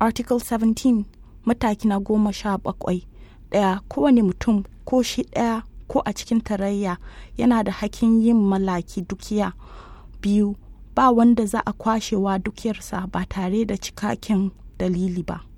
article 17 mataki na goma sha bakwai ɗaya kowane mutum ko shi daya ko a cikin tarayya yana da hakin yin malaki dukiya biyu ba wanda za a kwashewa dukiyarsa ba tare da cikakken dalili ba